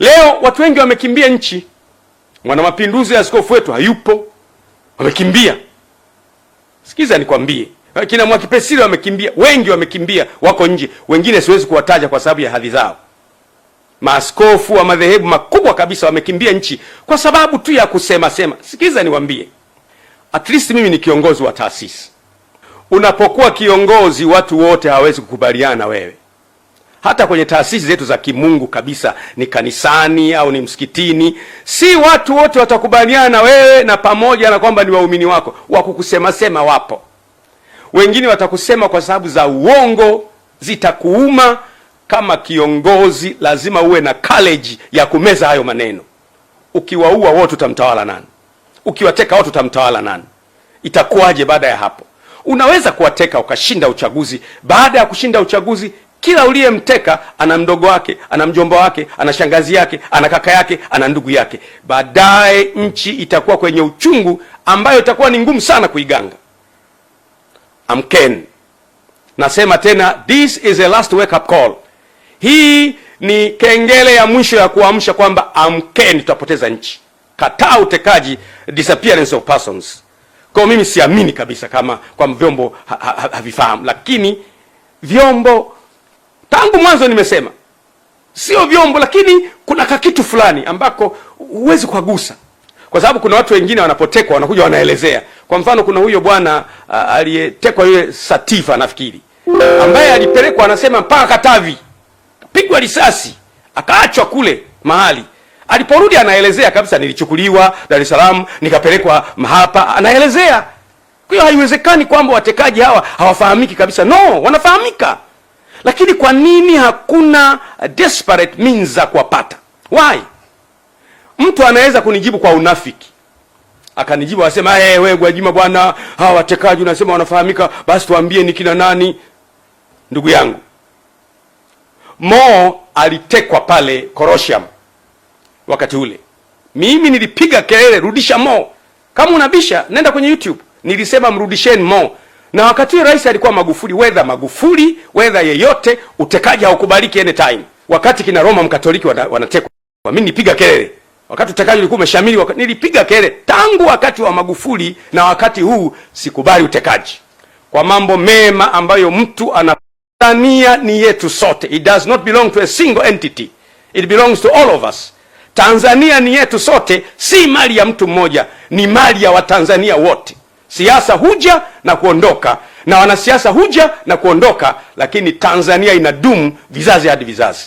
Leo watu wengi wamekimbia nchi. Mwanamapinduzi ya askofu wetu hayupo, wamekimbia. Sikiza nikwambie, kina Mwakipesile wamekimbia, wengi wamekimbia, wako nje. Wengine siwezi kuwataja kwa sababu ya hadhi zao. Maaskofu wa madhehebu makubwa kabisa wamekimbia nchi kwa sababu tu ya kusema sema. Sikiza niwambie, at least mimi ni kiongozi wa taasisi. Unapokuwa kiongozi, watu wote hawawezi kukubaliana wewe hata kwenye taasisi zetu za kimungu kabisa, ni kanisani au ni msikitini, si watu wote watakubaliana na wewe, na pamoja na kwamba ni waumini wako, wakukusemasema wapo wengine watakusema kwa sababu za uongo, zitakuuma. Kama kiongozi lazima uwe na kaleji ya kumeza hayo maneno. Ukiwaua wote utamtawala nani? Ukiwateka wote utamtawala nani? Itakuwaje baada ya hapo? Unaweza kuwateka ukashinda uchaguzi, baada ya kushinda uchaguzi kila uliyemteka ana mdogo wake, ana mjomba wake, ana shangazi yake, ana kaka yake, ana ndugu yake. Baadaye nchi itakuwa kwenye uchungu ambayo itakuwa ni ngumu sana kuiganga. amken nasema tena, this is a last wake up call. Hii ni kengele ya mwisho ya kuamsha kwamba amken tutapoteza nchi. Kataa utekaji, disappearance of persons. Kwa mimi siamini kabisa kama kwamba vyombo havifahamu ha, ha, lakini vyombo Tangu mwanzo nimesema sio vyombo, lakini kuna kakitu fulani ambako huwezi kugusa, kwa sababu kuna watu wengine wanapotekwa wanakuja wanaelezea. Kwa mfano, kuna huyo bwana aliyetekwa yule Satifa nafikiri, ambaye alipelekwa anasema mpaka Katavi, pigwa risasi, akaachwa kule mahali aliporudi anaelezea kabisa, nilichukuliwa Dar es Salaam nikapelekwa hapa, anaelezea. Kwa hiyo haiwezekani kwamba watekaji hawa hawafahamiki kabisa. No, wanafahamika. Lakini kwa nini hakuna desperate means za kuwapata? Why? Mtu anaweza kunijibu kwa unafiki akanijibu asema, hey, eh, wewe Gwajima bwana, hawa watekaji unasema wanafahamika, basi tuambie ni kina nani? Ndugu yangu, Mo alitekwa pale Korosham wakati ule, mimi nilipiga kelele, rudisha Mo. Kama unabisha, nenda kwenye YouTube, nilisema mrudisheni Mo na wakati rais alikuwa Magufuli, wedha Magufuli wedha yeyote, utekaji haukubaliki anytime. Wakati kina Roma Mkatoliki wanatekwa, mimi nipiga kelele wakati utekaji ulikuwa umeshamili wak nilipiga kelele tangu wakati wa Magufuli na wakati huu sikubali utekaji. Kwa mambo mema ambayo mtu anatania ni yetu sote, it does not belong to a single entity, it belongs to all of us. Tanzania ni yetu sote, si mali ya mtu mmoja, ni mali ya Watanzania wote. Siasa huja na kuondoka na wanasiasa huja na kuondoka, lakini Tanzania inadumu vizazi hadi vizazi.